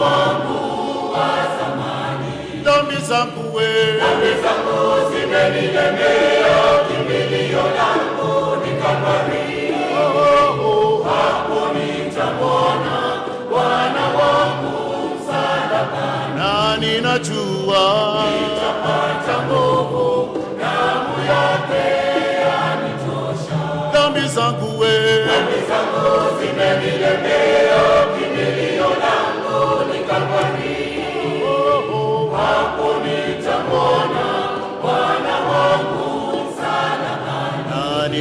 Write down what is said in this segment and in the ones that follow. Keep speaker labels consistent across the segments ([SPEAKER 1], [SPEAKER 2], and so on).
[SPEAKER 1] Dhambi
[SPEAKER 2] zangu wewe,
[SPEAKER 1] dhambi zangu zimenilemea, kimbilio langu ni oh. hapo nitamwona Bwana wangu msalabani,
[SPEAKER 2] na ninajua
[SPEAKER 1] nitapata nguvu,
[SPEAKER 2] zangu wewe,
[SPEAKER 1] zangu zimenilemea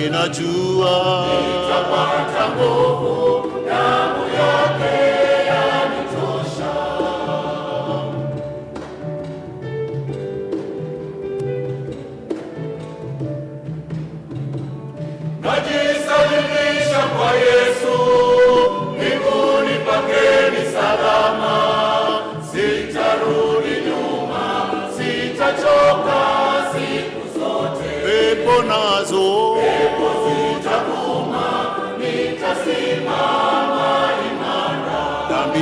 [SPEAKER 2] ninajua
[SPEAKER 1] nitapata nguvu, damu yake yanitosha. Najisalimisha kwa Yesu, miguuni pake ni salama, sitarudi nyuma, sitachoka siku zote,
[SPEAKER 2] pepo nazo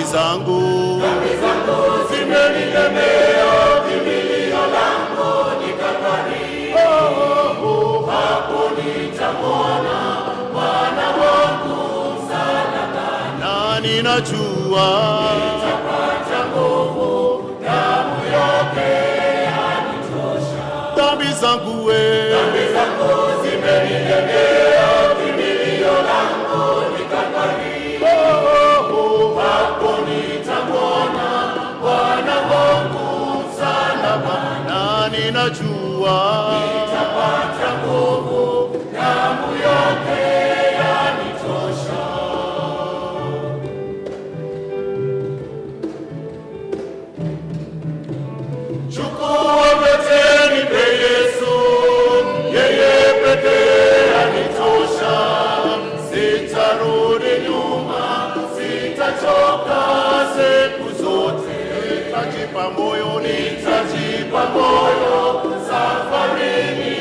[SPEAKER 2] dhambi
[SPEAKER 1] zangu zimenilemea, kimbilio langu ni Bwana wangu msalabani, nitapata nguvu, damu yake yanitosha.
[SPEAKER 2] Dhambi zangu
[SPEAKER 1] dhambi zangu zimenilemea sitarudi nyuma, sitachoka siku zote, nitajipa moyo, nitajipa moyo, safarini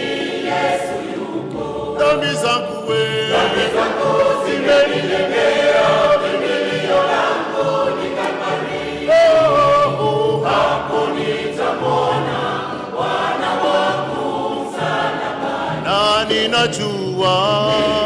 [SPEAKER 1] Yesu yuko.
[SPEAKER 2] Dhambi zangu
[SPEAKER 1] dhambi zangu zimenilemea, kimbilio langu ni oh, hapo nitamwona Bwana wangu msalabani,
[SPEAKER 2] na ninajua